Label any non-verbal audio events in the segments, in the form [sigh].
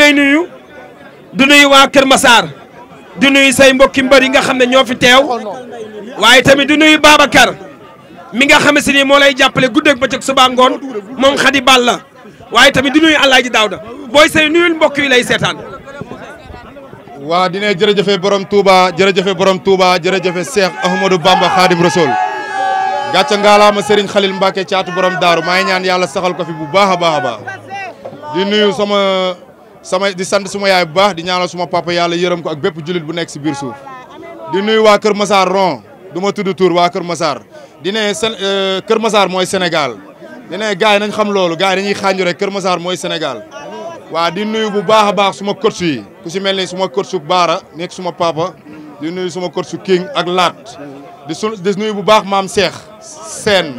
lay nuyu du nuyu waa Kër Massar di nuyu say mbokki mbër yi nga xam ne ñoo fi teew waaye tamit di nuyu Babacar mi nga xam si ni moo lay jàppale guddeeg bëccëg suba ngoon moom xadi bal la waaye tamit du nuyu Alaaji Daawda booy say nuyul mbokk yi lay seetaan. waa di jërëjëfe borom Touba jërëjëfe borom Touba jërëjëfe Cheikh Ahmadou Bamba Khadim Rasoul gàcce ngaalaama Serigne Khalil Mbacke caatu borom daaru maa ngi ñaan yàlla saxal ko fi bu baax a baax sama di sant suma yaay bu baax di ñaanal suma papa yàlla yërëm ko ak bépp jullit bu nekk si biir suuf di nuyu waa Kër Massar ron du ma tudd tur waa Kër Massar di ne seen euh, Kër masaar mooy Sénégal di ne gars yi nañ xam loolu gars yi dañuy xàññu Kër masaar mooy Sénégal waa di nuyu bu baax a baax suma coach yi ku si mel ni suma coach Baara nekk suma papa di nuyu suma su kiin ak Laat di su di nuyu bu baax maam Cheikh Sène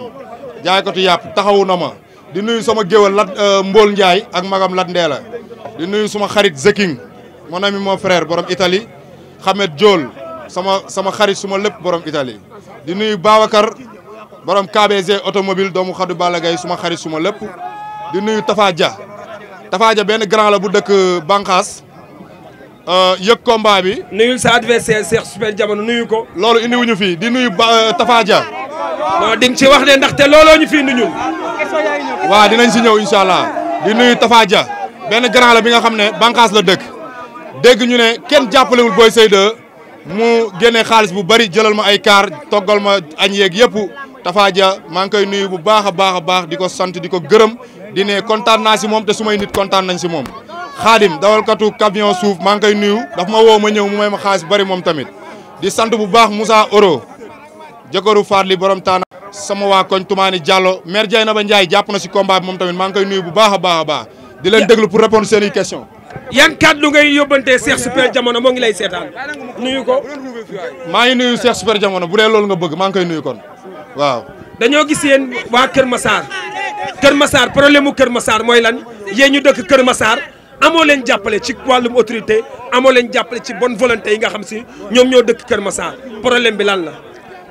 jaaykatu yàpp taxaw na ma di nuyu sama géwal Lat euh, Mbool Ndiaye ak magam Lat Ndeela di nuyu suma xarit Zeking mon ami mon frère borom Italie Hamed Diol sama sama xarit suma lépp borom itali di nuyu Babacar borom KBG automobile doomu xadu Balla suma xarit suma lépp di nuyu Tafa Dia Tafa benn grand la bu dëkk Banqaas euh, yëg combat bi. nuyul sa adversaire Cheikh Super Jamono nuyu ko. loolu indi wuñu fii di nuyu ba euh, Tafa Dia. non di wax de ndaxte looloo ñu waa dinañ si ñëw incha di nuyu Tafa benn grand bi nga xam ne bànqaas la dëkk dégg ñu ne kenn jàppalewul booy Seye 2 mu génne xaalis bu bari jëlal ma ay kaar toggal ma añ yéeg yëpp Tafa Dia maa ngi koy nuyu bu baax a baax a baax di ko sant di ko gërëm di ne kontaan naa si moom te su may nit kontaan nañ si moom. xaadim dawalkatu camion suuf maa ngi koy nuyu dafa ma woow ma ñëw mu may ma xaalis bari moom tamit di sant bu baax Moussa Oro jëkkëru Fadli borom taana sama waa koñ Toumani Diallo maire Dieynaba Ndiaye jàpp na si combat bi moom tamit maa ngi koy nuyu bu baax a a baax. di leen déglu pour répondre seen i questions. yan kàddu ngay yóbbante Cheikh Super Jamono moo ngi lay seetaan nuyu ko. maa ngi nuyu Cheikh Super Jamono bu dee loolu nga bëgg maa ngi koy nuyu waaw. dañoo gis yeen waa Kër Massar Kër Massar problème mu Kër masaar mooy lan yéen ñu dëkk Kër masaar amoo leen jàppale ci wàllum autorité amoo leen jàppale ci bonne volonté yi nga xam si ñoom ñoo dëkk Kër Massar problème bi lan la.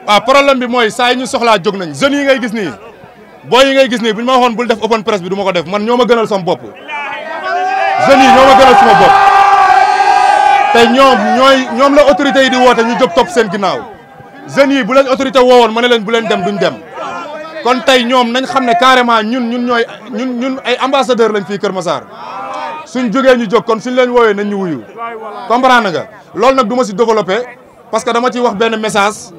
waaw ah, problème bi mooy saa yi soxlaa jóg nañ jeunes yi ngay gis nii. booy yi ngay gis nii bu ñu ma waxoon bul def open press bi du ma ko def man ñoo ma gënal sama bopp jeunes yi ñoo ma gënal sama bopp te ñoom ñooy ñoom la autorité yi di woote ñu jóg topp seen ginaaw jeunes yi bu leen autorité woowoon ma ne leen bu leen dem duñ dem kon tey ñoom nañ xam ne carrément ñun ñun ñooy ñun ñun ay ambassadeur lañ fii Kër Massar suñ jógee ñu jóg kon suñ leen woowee nañ ñu wuyu comprendre nga lool nag du ma si développé parce que dama ciy wax benn message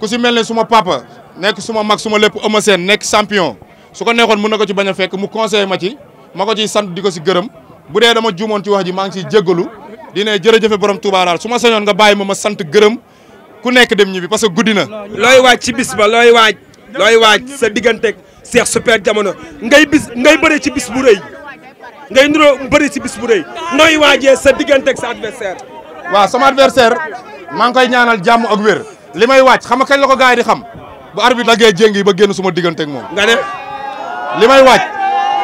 ku si mel ne suma papa nekk suma mag suma lépp Eumeu Sène nekk champion su ko neexoon mën na ko ci bañ a fekk mu conseillé ma ci ma ko ciy sant di si gërëm bu dee dama juumoon ci wax ji maa ngi ciy jéggalu di ne jërëjëfe borom Touba su ma sañoon nga bàyyi ma ma sant gërëm ku nekk dem ñibbi parce que guddi na. looy waaj ci bis ba looy waaj looy waaj sa digganteeg Cheikh Super Jamono ngay bis ngay bëree ci bis bu rëy ngay nuroo bëri ci bis bu rëy nooy waajee sa digganteeg sa adversaire. waaw sama adversaire maa ngi koy ñaanal jàmm ak wér li may waaj xam nga kañ la ko gars di xam bu arbitre daggee jéng ba génn suma diggante moom. nga li may waaj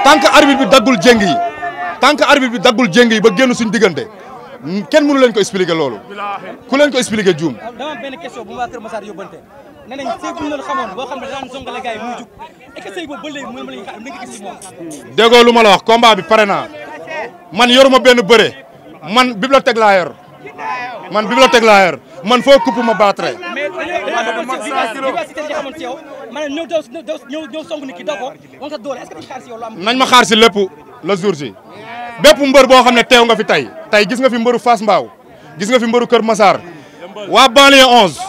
tant que arbitre bi daggul jéng yi tant que bi daggul jéng yi ba génn suñu diggante kenn mënu leen ko expliquer loolu ku leen ko expliquer juum. dama benn question bu ma Kër Massar yóbbante ne nañ sëy xam ne daan songale gars yi muy jug est ma la wax combat bi pare naa man yoruma benn bëre man bibliothèque laa yor man bibliothèque laa yor man foo kupp ma baatre diversité bi xamoon ci nañ ma xaar ci lépp la jour ji bépp mbër boo xam ne teew nga fi tey tey gis nga fi mbëru Fass mbaaw gis nga fi mbëru Kër Massar waa banlieue 11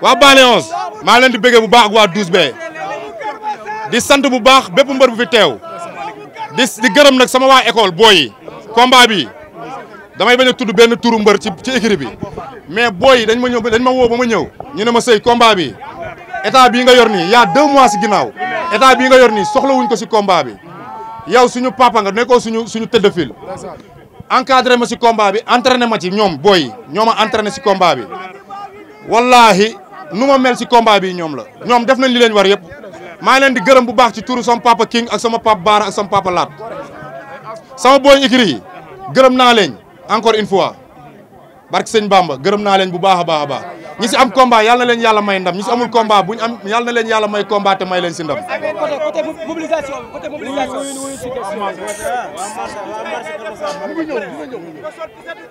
waa banlieue 11 maa leen di bëggee bu baax ak waa 12 bee di sant bu baax bépp mbër bu fi teew di gërëm nag sama waa école booyi combat bi damay bañ a tudd benn turu mbër ci ci écurie bi mais booy dañ ma ñëw dañ ma woo ba ma ñëw ñu ne ma say combat bi état bii nga yor nii y'a deux mois si ginnaaw état bii nga yor nii soxlawuñ ko si combat bi yow suñu papa nga nekkoo suñu suñu tëdd fil encadré ma si combat bi entraîné ma ci ñoom booy ñoo ma entraîné si combat bi wallahi nu ma mel si combat bi ñoom la ñoom def nañ li leen war yëpp maa leen di gërëm bu baax ci turu sama papa King ak sama papa Baara ak sama papa Laat sama booy écurie yi gërëm naa leen encore une fois barke sëñ Bamba gërëm naa leen bu baax baax a baax ñi si am combat yàlla na leen yàlla may ndam ñi si amul combat buñ am yàlla na leen yàlla may combat te may leen si ndam.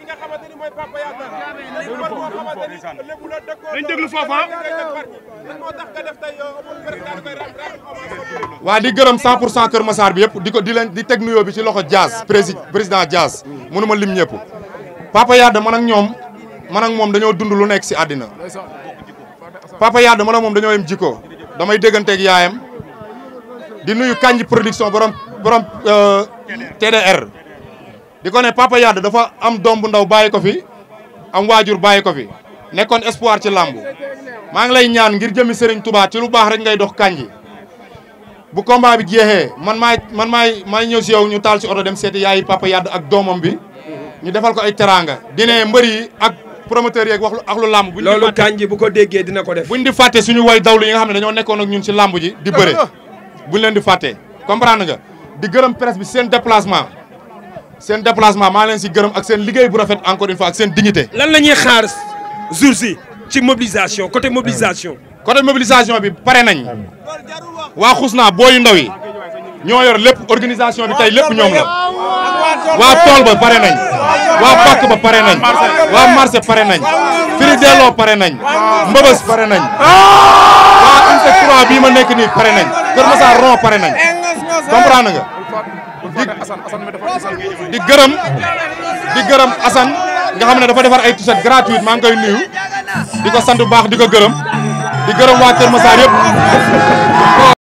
nga xamante waa di gërëm 100 pour cent Kër Massar bi yëpp di ko di leen di teg nuyoo bi ci loxo Diaz président Diaz mënuma lim ñëpp Papa Yada man ak ñoom man moom dañoo dund lu nekk si àddina Papa Yada man ak moom dañoo jiko damay dégganteeg yaayam di nuyu Kanji production borom borom euh, TDR di ko ne Papa Yade dafa am doom bu ndaw bàyyi ko fi am waajur bàyyi ko fi nekkoon espoir ci làmb maa ngi lay ñaan ngir jëmi Serigne tubaat ci lu baax rek ngay dox kanji bu combat bi jeexee man maay man maay maay ñëw si yow ñu taal si oto dem seeti yaayi Papa Yade ak doomam bi ñu defal ko ay teraanga dine mbër yi ak promoteur yeeg wax ak lu làmb bu loolu kanji bu ko déggee dina ko def buñ di fàtte suñu way dawlu yi nga xam ne dañoo nekkoon ak ñun si làmb ji di bëre [laughs] buñ leen di fàtte comprendre nga di gërëm presse bi seen déplacement seen déplacement maa leen si gërëm ak seen liggéey bu rafet encore une fois ak seen dignité. lan la ñuy xaar jour si ci mobilisation côté mobilisation. côté mobilisation bi pare nañ waa Xusna booy ndaw yi yor lépp organisation bi tey lépp ñoom la waa tool pare nañ waa pàkk ba pare nañ waa marché pare nañ firi pare nañ mbëbës pare nañ waa unité 3 bii ma nekk nii pare nañ Kër Massar rond pare nañ comprendre nga di di gërëm di gërëm assan nga xam ne dafa defar ay t-shirt gratuite maa ngi koy nuyu di ko sant bu baax di ko gërëm di gërëm waa Kër Massar yëpp.